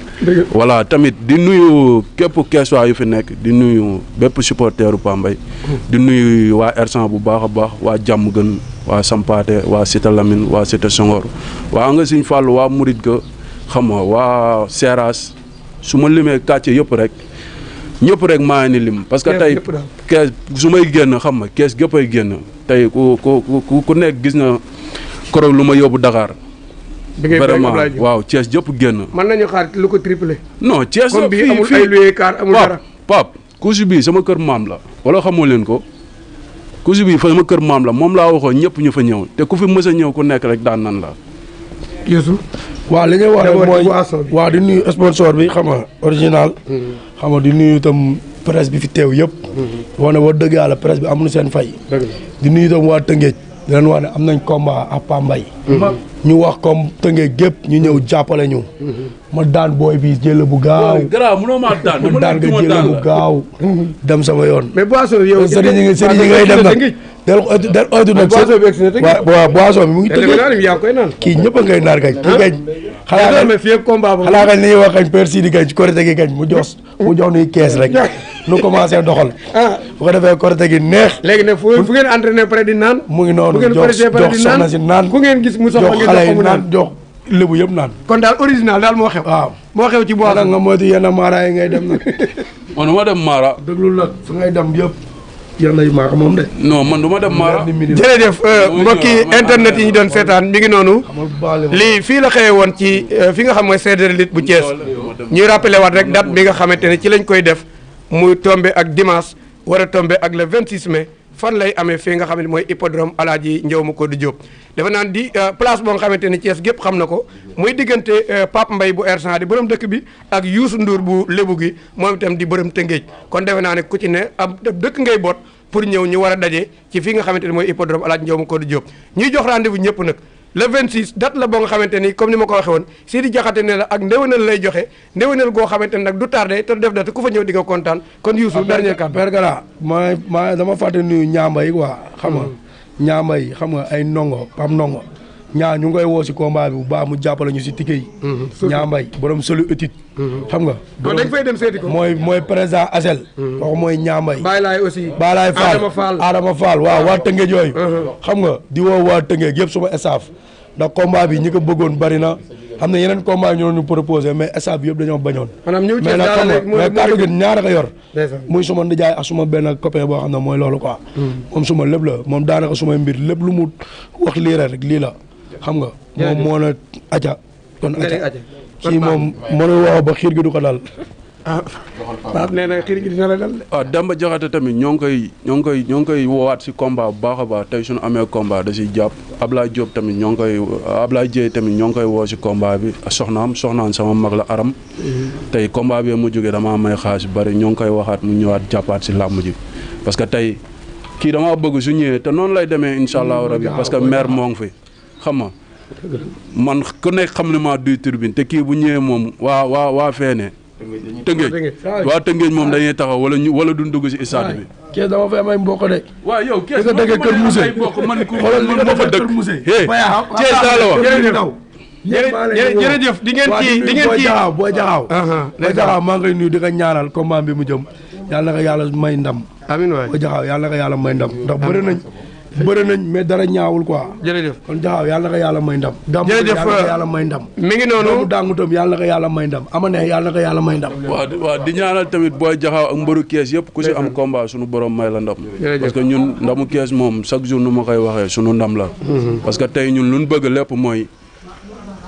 voilà tamit di nuyu képp keesuwaay yu fi nekk di nuyu bépp supporteru Pambay. Hmm. di nuyu waa Ersan bu baax a baax waa jàmm gën. waa Sampaate waa Cité Lamine waa Cité Senghor waa nga Serigne Fallou waa Murit ga xam nga waa Seras su ma limee kàcce yëpp rek ñëpp rek maa ni lim. parce que tey kees su may génn xam nga kees gépp ay génn tey ku ku ku nekk gis na koroog lu ma yóbbu Dakar. vraiment waaw Thiès jëpp génn. mën nañu xaar lu ko triplé. non Thiès fii fii comme bii bi sama kër maam la. wala xamoo leen ko. couche bi fa ma kër maam la moom laa waxoon ñëpp ñu fa ñëw te ku fi mës a ñëw ku nekk rek daan nan la. Youssou. waaw li ngay wax rek di nuyu sponsor bi xam nga original. Mm-hmm. xam nga di nuyu itam presse bi fi teew yëpp. Mm-hmm. wane ne wax dëgg yàlla presse bi seen fay. di nuyu itam waa Tëngéej di leen am nañ combat ak Pambay. Mm-hmm. ñu wax comme tënge gépp ñu ñëw jàppale ñu. ma daan booy bi jëla bu gaaw. garaaw mënoo maa daan ma daan nga jël bu gaaw. dem sama yoon. mais boisson yow. sëriñ ñi ngay dem nag. del del oytu nag. boisson bi egg waaw boisson bi mu ngi tënkee. kii ñëpp ngay naar gañ. ku gañ. xanaa gañ xanaa gañ li ñuy wax gañ persil di gañ korite gi gañ mu jox mu jox nuy kees rek. nu commencé doxal. Ah. bu ko defee korite gi neex. léegi nag fu ngeen entraîné pare di naan. mu ngi noonu jox jox soxna si naan ku ngeen gis mu soxla ngeen jox xale yi naan jox lébu yëpp naan. kon daal original daal moo xew. waaw moo xew ci bois. nag nga moytu yenn maara yi dem nag. man déglu nag fu ngay dem yëpp. yàlla yi maa ko moom de. non man du ma dem maara. jërëjëf euh, mbokki internet yi ñu doon seetaan mi ngi noonu. lii fii la xëyee woon ci euh, fi nga xam mooy CDR lit bu Thiès. ñuy rappelé waat rek date bi nga xamante ne ci lañ koy def muy tombe ak dimanche war a tombe ak le 26 mais fan lay amee fii nga xam ne mooy hippodrome alaaji Njaw ma ko du Jóob dafa naan di euh, place boo nga xamante ni Thiès gépp xam na ko muy diggante euh, Pape Mbaye bu Hersent di borom dëkk bi ak Youssou Ndour bu lebu gi moom itam di bërëm Tëngéej kon defe naa ne ku ci ne ab dëkk ngay boot pour ñëw ñu war a daje ci fii nga xamante ni mooy hippodrome alaaji Njaw ma ko du Jóob ñuy jox rendez-vous ñëpp nag le 26 date la boo nga xamante ni comme ni ma ko waxee woon Sidi Diakhaté ne la ak ndéwénal lay joxe ndéwénal goo xamante ni nag du tardé te def date ku fa ñëw di nga kontaan kon Youssou dernier kàddu pergala ma ma dama fàtte nuyu ñaamba yi quoi xam nga hmm. ñaamba yi xam nga ay ndongo pam ndongo ñaa ñu ngi koy woo si combat bi bu baax mu jàppale ñu si tike yi hmm. ñaambay borom solu étude Mm-hmm. xam nga. loolu dañ fay dem seeti mooy mooy président Asel. kooku mm-hmm. mooy Ñaambay. Baalaye aussi Baalaye Fall Adama Fall Adama Fall waaw waa Tëngéej yooyu. Mm-hmm. xam nga di woo waa Tëngéej yëpp suma staff ndax combat bi ñi ko bëggoon bari na xam ne yeneen combat ñoo ñu proposé mais staff yëpp dañoo bañoon. maanaam ñëw mais nag xam nga mais kàddu gi ñaar ko benn copain boo xam ne mooy loolu quoi. moom suma lépp la moom daanaka suma mbir lépp lu mu wax lii rek lii la xam nga. moom moo na aca kon aca kii moom mënul waaw ba xiir gi du ko daal. ah Pape nee na xiir gi ah, tamit ñoo ngi koy ñoo ngi koy ñoo ngi koy woowaat si combat bu baax a baax suñu amee combat da siy jàpp Ablaye Diop tamit ñoo ngi koy Ablaye Dieye tamit ñoo ngi koy woo si combat bi soxnaam soxnaam sama mag la aram mhm. tey combat bi mu jógee damaa may xaalis bari ñoo ngi koy waxaat mu ñëwaat jàppaat si làmb ji parce que tey kii damaa bëgg su ñëwee te noonu lay demee incha allahu mm, rabi parce que maire moo ngi fi xam nga man ku nekk xam ne maa duy turbine te kii bu ñëwee moom waa waa waa feene tëngéej waa tëngéej moom dañuy taxaw wala ñu wala duñ dugg si stade bi. kees dama fay am ay mbokk de. waaw yow kees dama fay am ay mbokk man ku man ma fa dëkk kees daa la wax. jërëjëf di ngeen kii di ngeen kii boo jaxaaw boo jaxaaw maa ngi koy nuyu di ko ñaanal combat bi mu jëm yàlla na ko yàlla may ndam. amiin waay boo jaxaaw yàlla na ko yàlla may ndam ndax bëri nañ bëri nañ mais dara ñaawul quoi. jërëjëf kon jaxaaw yàlla na ko yàlla may ndam. jërëjëf yàlla na ko euh, yàlla may ndam. mi ngi noonu doomu daangu tam yàlla ko yàlla may ndam ama ne yàlla na ko yàlla may ndam. waaw waaw di ñaanal booy jaxaaw ak mbëru kees yëpp ku si am combat suñu borom may la ndam. parce que ñun ndamu kees moom chaque jour nu ma koy waxee sunu ndam la. Mhm. parce que tey ñun lu ñu bëgg lépp mooy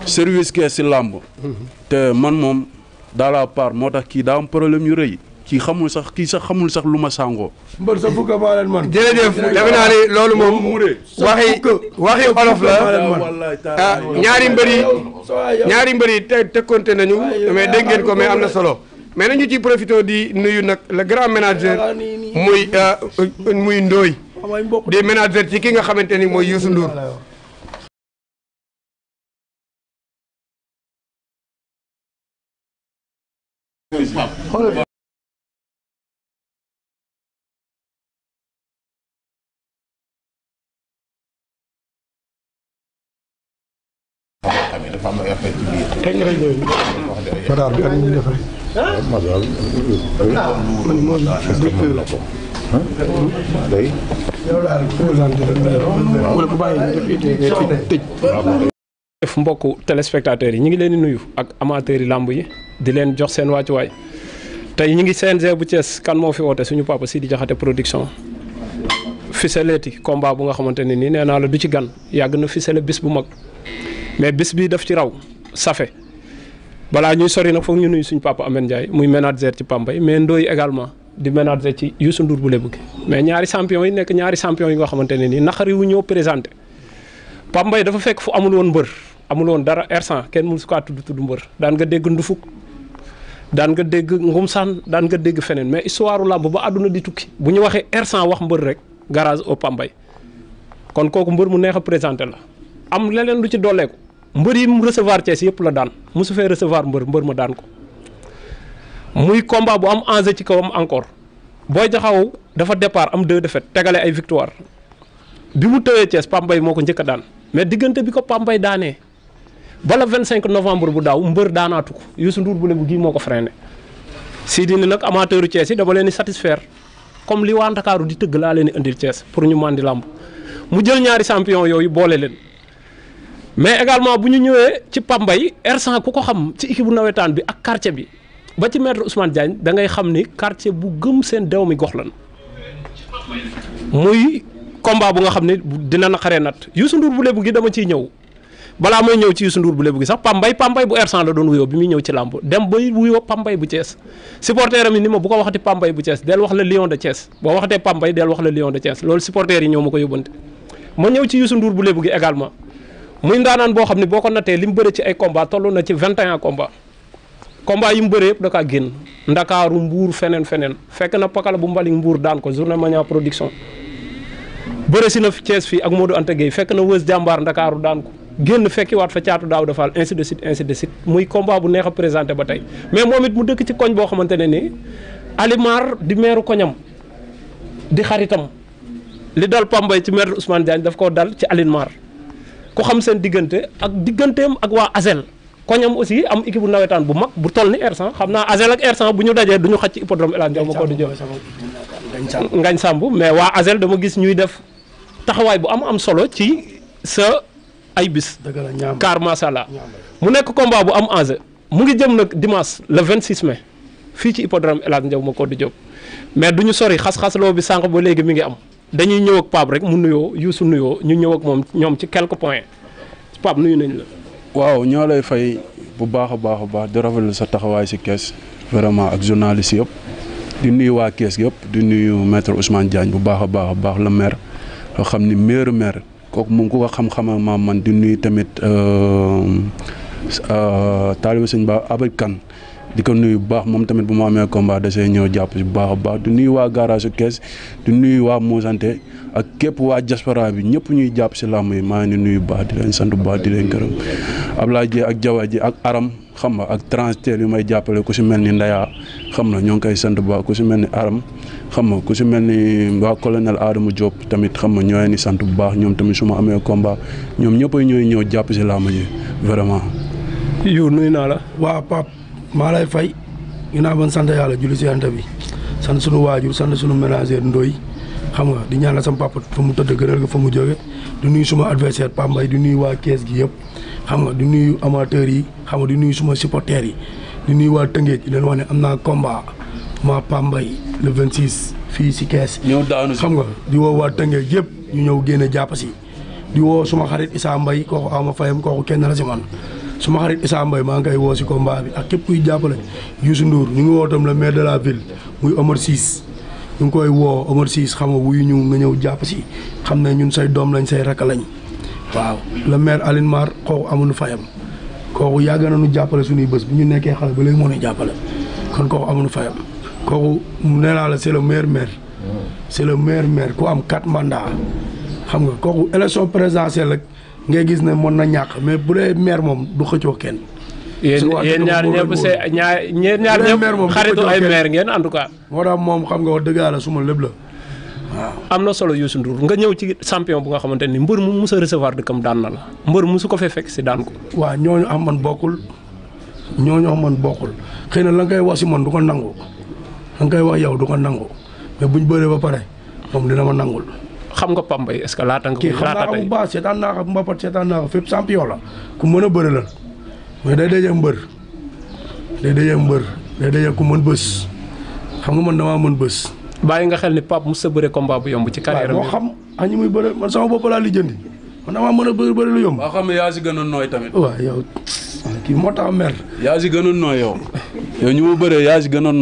service kees si làmb. Mhm. te man moom daa la part moo tax kii daa am problème yu rëy kii xamul sax kii sax xamul sax lu ma sàngoo. mbër sa fukk maa leen man. jërëjëf defe naa ne loolu moom. waxi waxi olof la ah, ñaari mbër ñaari mbër yi te tekkonte nañu mais dégg ngeen ko mais am na solo. mais nañu ci profité di nuyu nag le grand manager muy euh, muy Ndoye di manager ci ki nga xamante ni mooy Youssou Ndour. Pape. dafa bi ak ñu defaree. madaar def mbokku téléspectateurs yi ñu ngi leen di nuyu ak amateurs yi làmb yi di leen jox seen wàccuwaay tey ñu ngi CNG bu Thiès kan moo fi woote suñu papa Sidi Diakhaté production. fiseleeti combat bu nga xamante ne nii nee naa la du ci gan yàgg na fisele bis bu mag. mais bés bi daf ci raw safe balaa ñuy sori nag foog ñu nuyu suñ papa Amène Ndiaye muy manager ci Pambay mais Ndoye également di manager ci Youssou Ndour bu Lebu gi mais ñaari champion yi nekk ñaari sampion yi nga xamante ne nii naqari wu ñoo présenté Pambay dafa fekk fu amul woon mbër amul woon dara R100 kenn mënu su kaa tudd tudd mbër daan nga dégg ndufuk daan nga dégg ngumsaan daan nga dégg feneen mais histoire làmb àdduna di tukki bu ñu waxee r wax mbër rek garage au Pambay kon kooku mbër mu neex a présenté la am leneen lu ci dolleeku mbër yi mu recevoir Thiès yëpp la daan mosu fee recevoir mbër mbër ma daan ko muy combat bu am enjeu ci kawam encore booy jaxaw dafa départ am deux défaites tegale ay victoire bi mu tëwee Thiès Pambay moo ko njëkk a daan mais bi ko Pambay bala 25 novembre bu daaw mbër dan ko Youssou Ndour bu lebu gii moo ko freiné si nak nag amateur u Thiès dama leen di satisfaire comme li waa takaru di tëgg laa leen di indil Thiès pour ñu mandi mu jël ñaari champion mais également bu ñu ñëwee ci Pambay R100 ku ko xam ci équipe bu nawetaan bi ak quartier bi ba ci maître Ousmane Diagne da ngay xam ni quartier bu gëm seen dew mi gox lan muy combat bu nga xam ne dina naqaree nat Youssou Ndour bu lébu gi dama ciy ñëw balaa mooy ñëw ci Youssou Ndour bu lébu gi sax Pambay Pambay bu R100 la doon wuyoo bi muy ñëw ci làmb dem bay wuyoo Pambay bu Thiès supporter am yi ni ma bu ko waxati Pambay bu Thiès del wax la Lion de Thiès muy ndaanaan boo xam ne boo ko nattee li mu bëre ci ay combat toll na ci 21 combat combat yi mu bëre yëpp da kaa génn ndakaaru mbuur feneen feneen fekk na pakala bu mbaling mbuur daan ko journée mania production bëre si na Thiès fii ak Modou Anta Gueye fekk na wës jàmbaar ndakaaru daan ko génn fekki waat fa caatu daaw dafaal ainsi de suite ainsi de suite muy combat bu neex a ba mais mu ci koñ ne nii Alimar di meru koñam di xaritam li dal Pambay ci maire Ousmane Diagne daf koo dal ci Alimar ku xam seen diggante ak digganteem ak waa ASEL koñam aussi am équipe nawetaan bu mag bu toll ni R100 xam naa ASEL ak r bu ñu dajee du ñu xaj ci hippodrome El Hadj Ndiaye ma ko di mais waa ASEL dama gis ñuy def taxawaay bu am am solo ci sa ay bis car masala mu nekk combat bu am enjeu mu ngi jëm nag dimanche le 26 mai fii ci hippodrome El njaw ma ko di jox mais du ñu sori xas-xasloo bi sànq ba léegi mi ngi am dañuy ñëw ak rek mu nuyoo Youssou nuyoo ñu ñëw ak moom ñoom ci quelque points Pape nuyu nañ la. waaw ñoo lay fay bu baax a baax a baax di rafetlu sa taxawaay si kes vraiment ak journaliste yëpp di nuyu waa kees yëpp di nuyu maître Ousmane Diagne bu baax a baax baax la maire nga xam ni meilleur maire kooku moom ku ko xam maam man di nuyu tamit euh, euh, taaliba sëñ Ba Abel kan di ko nuyu baax moom tamit bu mu amee combat da see ñëw jàpp si bu baax waa garage kees du nuyu waa Mosante ak képp waa diaspora bi ñëpp ñuy jàpp si làmb yi maa ngi nuyu bu baax di leen sant bu baax di leen gërëm Ablaye ak Jawa ji ak Aram xam nga ak transitaire yu may jàppale ku si mel ni Ndaya xam na ñoo ngi koy sant bu baax ku si mel ni Aram xam ku si mel ni waa colonel Adama Diop tamit xam nga ñoo leen sant bu baax ñoom tamit su ma amee combat ñoom ñëpp ñooy ñëw jàpp si làmb yi vraiment. maa lay fay ginnaaw ban sant yàlla julli si yante bi sant sunu waajur sant sunu ménagère ndoy xam nga di ñaanal sama papa fa mu tëdd gënal ko fa mu jóge di nuyu suma adversaire Pape Mbaye di nuyu waa kees gi yëpp xam nga di nuyu amateurs yi xam nga di nuy suma supporters yi di nuyu waa Tëngéej di leen wax ne am naa combat maa Pape Mbaye le 26 fii si kees. ñëw daanu xam nga di woo waa Tëngéej yëpp ñu ñëw génne jàpp si di woo suma xarit Issa mbay kooku aw ma fayam kooku kenn la si suma xarit Issa Mbaye maa ngi koy woo si combat bi ak képp kuy jàppale Youssou Ndour ñu ngi woo itam le maire de la ville muy Omar Cisse ñu ngi koy woo Omar Cisse xam nga wuyu ñu nga ñëw jàpp si xam na ñun say doom lañ say rakk lañ waaw le maire Aline Mar kooku amuñu fayam kooku yàgg na ñu jàppale suñuy bés bu ñu nekkee xale ba léegi moo jàppale kon kooku amuñu fayam kooku nee naa la c'est le maire maire c'est le maire maire ku am quatre mandats xam nga kooku élection présence rek ngay gis ne mën na ñàkk mais bu dee maire moom du xëccoo kenn yeen ñaar ñepp sé ñaar ñeen ñaar ñepp xaritu ay maire ngeen en tout cas mo da mom xam nga wax deug yalla suma lepp la amna solo Youssou Ndour nga ñew ci champion bu nga xamanteni mbeur mu musa recevoir de kam daan na la mbeur musu ko fe fek ci daan ko wa ñoñu am man bokul ñoñu am man bokul xeyna la ngay wax ci man du ko nangu la ngay wax yow du ko nangu mais buñ beure ba paré mom dina ma nangul xam nga Pam Mbaye est ce que laata nga. kii xam naa ko bu baax seetaan ko bu mbapat seetaan naa ko fep champion la ku meuna beure la mais day day am beur day day am beur day day ku meun beus xam nga man dama meun beus bàyyi nga xel ni pap mu se beure combat bu yomb ci carrière mo xam ani ah, muy beure man sama bop la li lijjanti man dama meuna a bëri lu yomb. waa xam ya ci si noy tamit. wa yow ki mota mer. ya ci gën noy yow yow ñu mu bëree yaa si gën a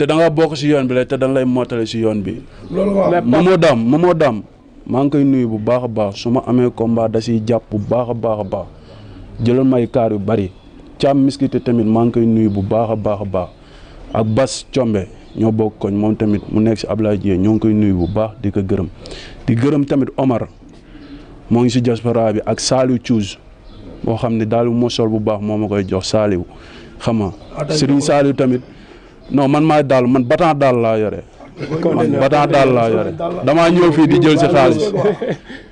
té da nga bok ci yoon bi lay té dañ lay motalé si yoon bi momo dam momo dam ma ngi koy nuyu bu baax baax suma amé combat da ci japp bu baax baax may yu bari cham miskite tamit ma ngi koy nuyu bu baax baax baax ak bas combe ño bok koñ mom tamit mu nekk ci abdoulaye jie ño ngi koy nuyu bu baax di ko di gërëm tamit omar mo ngi ci diaspora bi ak salu cuus mo xamni dalu mo sol bu baax momako jox saaliw xama serigne tamit non man maa daal man bataan daal laa yore. man bataan damaa ñëw fii di jël si xaalis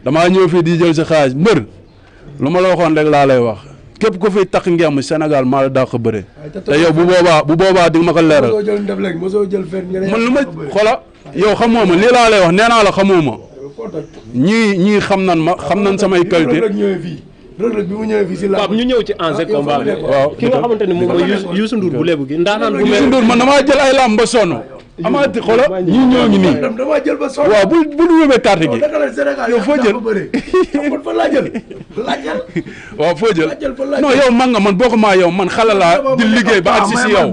damaa ñëw fii di jël si xaalis mbër lu ma la waxoon rek laa lay wax. képp ku fi takk ngeem Sénégal maa la dàq bëre te yow bu boobaa bu boobaa di ma ko leeral man lu ma xoola yow xamoo ma lii laa lay wax nee naa la xamoo ma ñii ñii xam nan ma xam nan samay qualité rëdd bi mu si ñu ñëw ci ah, enjeu combat bi waaw ki nga xamante ne moom mooy Youssou Ndour bu lebu gi ndaanaan bu Youssou Ndour man damaa jël ay ba sonn amaati xolo ñii ñoo ngi nii damaa jël ba sonn waaw bu bu ñu wëbee carte gi yow foo jël fa jël laajal waaw foo jël non yow man nga man boo ko maa yow man xala laa di liggéey ba agsi si yow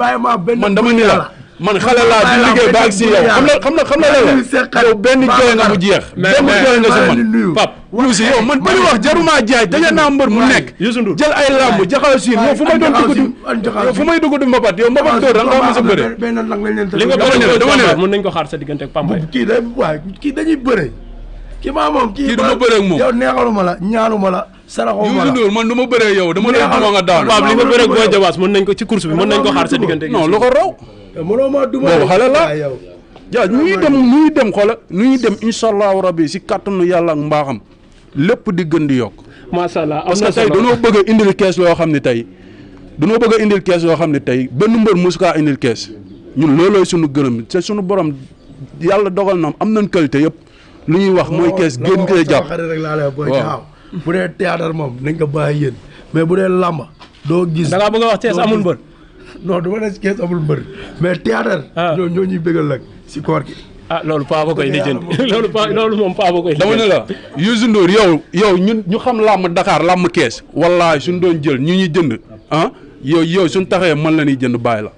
man dama ni la man xale laa di liggéey ba ak si yow xam nga xam nga xam nga la yow benn jooy nga mu jeex benn jooy nga si man pap si yow man bari wax jaruma jaay daje naa mbër mu nekk jël ay lamb jaxaw si yow fu may doon dugg du fu may dugg du mbapat yow mbapat dóor da nga mos sa bëre li nga bëre dama ne mën nañ ko xaar sa diggante ak bay kii day waay kii dañuy bëre ki ma moom kii du ma bëre ak moom yow neexaluma la ñaanuma la saraxoo ma la man du ma yow dama lay duma nga daal Pap li nga bëre ak Boy Jabaas mën nañ ko ci course bi mën nañ ko xaar sa diggante non lu ko raw mënoo maa duma xale la ah, yow jaa ñuy dem ñuy dem xoola ñuy dem incha allahu rabi si kàttanu yàlla mbaaxam lépp di gën di yokk macha allah am na solo parce tey dañoo bëgg a indil kees yoo xam ne tey dañoo bëgg a indil yoo xam ne tey benn mbër mosu kaa indil kees ñun loolooy sunu gërëm te suñu borom yàlla dogal na am nañ qualité yëpp lu ñuy wax mooy oh, kees gën koy jàpp waaw bu dee théâtre moom nañ ko bàyyi yéen mais bu dee làmba doo gis da ngaa bëgg a wax kees amul mbër non du ma ne si kees amul mbër mais théâtre ah. ñoo ñoo ñuy bégal si koor gi ah loolu paa ba koy lijjanti loolu paa loolu moom paa ba koy dama ne la Youssou Ndour yow yow ñun ñu xam làmb Dakar làmb kees wallaahi suñ doon jël ñu ñuy jënd ah yow yow suñ taxee mën la ñuy jënd bàyyi la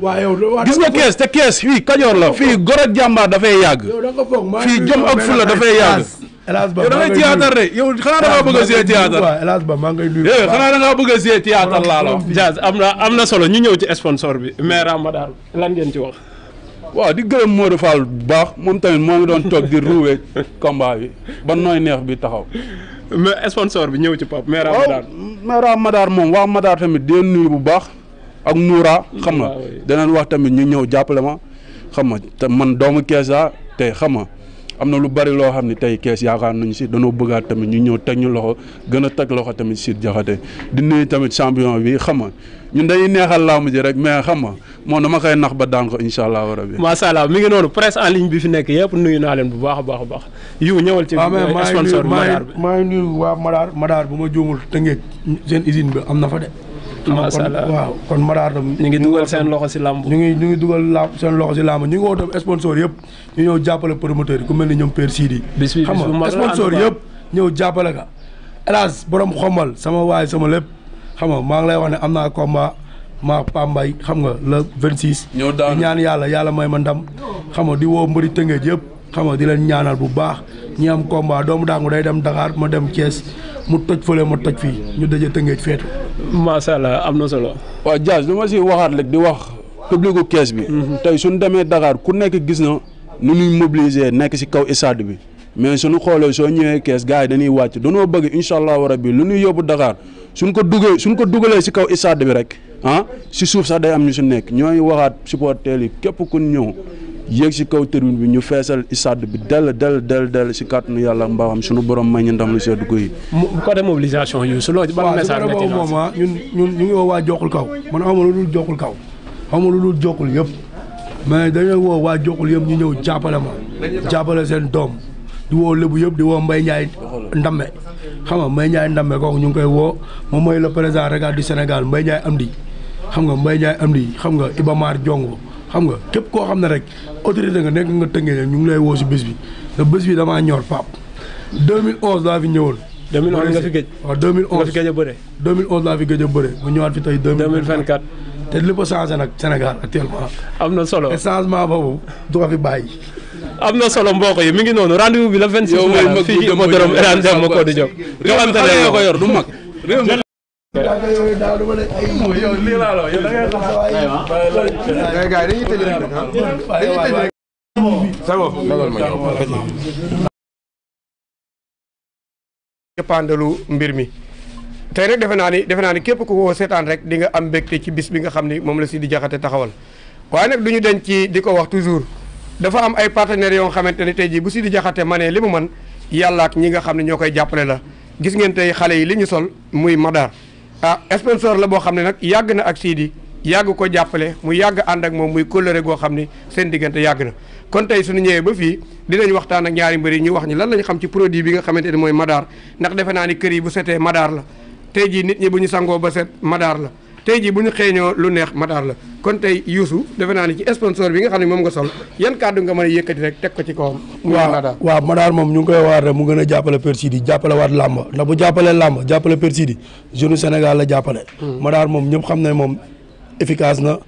waa yow gis nga kees te kees fii kajoor la fii gor ak jàmbaar dafay yàgg fii jom ak fulla dafay yàgg Elhas Ba yow da ngay théâtre yow xanaa da ngaa bëgg a jouer théâtre waaw Elhas a laa la wax Diaz am na am na solo ñu ñëw ci sponsor bi maire Amadar lan ngeen ci wax waaw di gërëm Modou Fall bu baax moom tamit moo ngi doon toog di ruwee combat bi ba nooy neex bi taxaw mais sponsor bi ñëw ci pap maire Amadar maire Amadar moom waa Amadar tamit di nuyu bu baax ak Noura xam nga daneen wax tamit ñu ñëw jàppale ma xam nga te man doomu kees te xam na am na lu bari loo xam ne tey kees yaakaar nañu si danoo bëggaat tamit ñu ñëw teg ñu loxo gën a teg loxo tamit Siteu Diakhaté di nuyu tamit champion bi xam nga ñun dañuy neexal laamu ji rek mais xam nga moom dama koy nax ba daan ko incha allahu rabi. macha allah mi ngi noonu presse en ligne bi fi nekk yëpp nuyu naa leen bu baax a baax a baax. yu ñëwal ci ah, sponsor Madaar bi maa ngi nuyu waa Madaar Madaar bu ma juumul Tëngéej seen usine bi am na fa de. Ah, macha waaw kon Maradam ñu ngi dugal seen loxo si làmb ñu ngi ñu ngi dugal la seen loxo si làmb ñu ngi woo tam sponsor yëpp ñu ñëw jàppale promoteur yi ku mel ni ñoom Père Sidi bis bi xam nga sponsor yëpp ñëw jàppale ka hélas borom xombal sama waay sama lépp xam nga maa ngi lay wax ne am naa combat maa Pambay xam nga la le 26 ñëw daanu ñaan yàlla yàlla may ma ndam xam nga di woo mbëri tëngeej yëpp xam nga di leen ñaanal bu baax ñi am combat doomu daangu day dem Dakar ma dem Thiès mu toj fële ma toj fii ñu daje tëngeej feetu. macha allah am na solo. waa Dia du ma si waxaat rek di wax publicu kees bi. Mhm. tey suñu demee dakaar ku nekk gis na lu ñuy mobiliser nekk si kaw stade bi mais suñu xoolee soo ñëwee kees gars yi dañuy wàcc noo bëgg incha allahu rabi lu ñuy yóbbu Dakar suñ ko duggee suñ ko dugalee si kaw stade bi rek ah si suuf sax da am ñu si nekk ñooy waxaat supporters yi képp ku ñëw. yéeg si kaw tribune bi ñu feesal stade bi dell dell dell dell si kàttanu yàlla ak mbaaxam suñu borom may ñu ndam lu seddu ko yi. côté mobilisation yi su loolu ban message nga ci moom ngi woo waa kaw ma lu dul Jokkul kaw xaw lu dul yëpp mais dañoo woo waa Jokkul yëpp ñu ñëw jàppale ma jàppale seen doom di woo lébu yëpp di woo Mbaye Ndiaye Ndambe xam nga Mbaye Ndiaye Ndambe kooku ñu ngi koy woo moom mooy le président regarde du Sénégal Mbaye Ndiaye Amdi xam nga Mbaye Ndiaye Amdi xam nga Iba Mar xam nga képp koo xam ne rek autorité nga nekk nga tënkee ñu ngi lay woo si bés bi te bés bi damaa ñor pap 2011 laa fi ñëwoon. 2011 nga a bëre. 2011 laa fi gëj a bëre mu ñëwaat fi tey 2024 te lépp a changé Sénégal actuellement. am na solo te changement boobu du fi bàyyi. am na solo mbokk yi mi ngi noonu rendez-vous bi la 26. yow mooy mag dem ba ñëw fii Modou Dóoram ko yor du mag. waaw yow mbir mi te rek defe naa ni defe naa ni képp ku ko seetaan rek di nga am bekk ci bis bi nga xam ni moom la si di jaxate taxawal waaye nag du ñu denc ci di ko wax toujours dafa am ay partenaires yoo xamante ni tey jii bu si di jaxate manee li mu man yàlla ak ñi nga xam ne ñoo koy jàppale la gis ngeen tey xale yi li ñu sol muy Madar ah sponsor la boo xam ne nag yàgg na ak Sidi yàgg ko jàppale mu yàgg ànd ak moom muy kóllëre goo xam ne seen diggante yàgg na kon tey suñu ñëwee ba fii dinañ waxtaan ak ñaari mbër yi ñu wax ñi lan lañ xam ci produit bi nga xamante ne mooy madaar ndax defe naa ni kër yi bu setee madaar la tey jii nit ñi bu ñu sangoo ba set madaar la tey jii bu ñu xëeñoo lu neex mataar la kon tey Youssou defe naa ni ci sponsor bi nga xam ne moom nga sol yan kàddu nga mën a yëkkati rek teg ko ci kawam waaw waa madaar moom ñu ngi koy waar rek mu gën a jàppale Persidi jàppale waat làmb ndax mu jàppalee làmb jàppale per Persidi jeune Sénégal la jàppale hmm. madaar moom ñëpp xam ne moom efficace na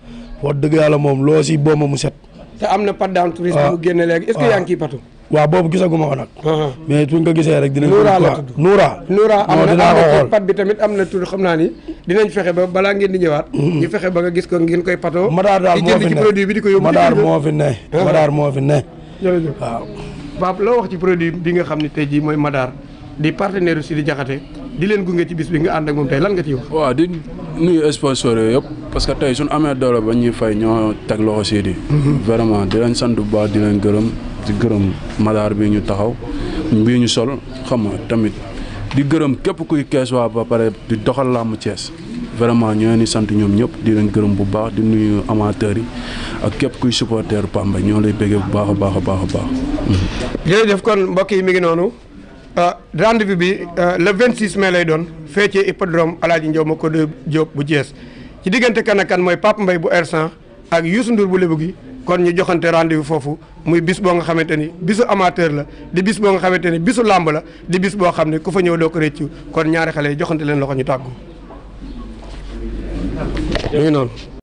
wax dëgg yàlla moom loo si ma mu set te am na pat daan touriste ah. bu génne léegi est que ah. yaa ngi ciy patu waaw boobu gisaguma ko nag. mais suñ ko gisee rek dinañ. Noura la tudd Noura. am na am na bi tamit am na tur xam naa ni. dinañ fexe ba balaa ngeen di ñëwaat. Mm-hmm. ñu fexe ba nga gis ko ngeen koy patoo. Madaar daal moo fi ne ci produit bi di ko yóbbu. Madaar moo fi ne Madaar moo fi waaw. loo wax ci produit bi nga xam ne tey jii mooy Madaar di partenaire Sidi Diakhaté di len gungé ci bis bi nga and ak mom tay lan nga ci wax wa di nuyu sponsor yëpp parce que tay suñ amé doole ba ñi fay ño tag loxo siidi mhm. vraiment di leen sant ba di leen gërëm di gërëm madaar bi ñu taxaw bi ñu sol xam nga tamit di gërëm képp kuy kess wa ba paré di doxal làmm Thiès vraiment ñoo ni sant ñom ñep di leen gërëm bu baax di nuyu amateur yi ak képp kuy supporter Pamba ñoo lay bëggee bu baax a baax baax a baax kon mbokk yi mi ngi nonu Euh, rendez-vous bi euh, le 26 mais lay doon feccee hippodrome Alaaji Njaw ma ko Diop bu Thiès ci diggante kan ak kan mooy Pape mbay bu R100 ak Youssou Ndour bu lébu gi kon ñu joxante rendez-vous foofu muy bis boo nga xamante ni bisu amateur la di bis boo nga xamante ni bisu làmb la di bis boo xam ne ku fa ñëw doo ko rëccu kon ñaari xale yi joxante leen loxo ñu tàggu. ñu ngi noonu.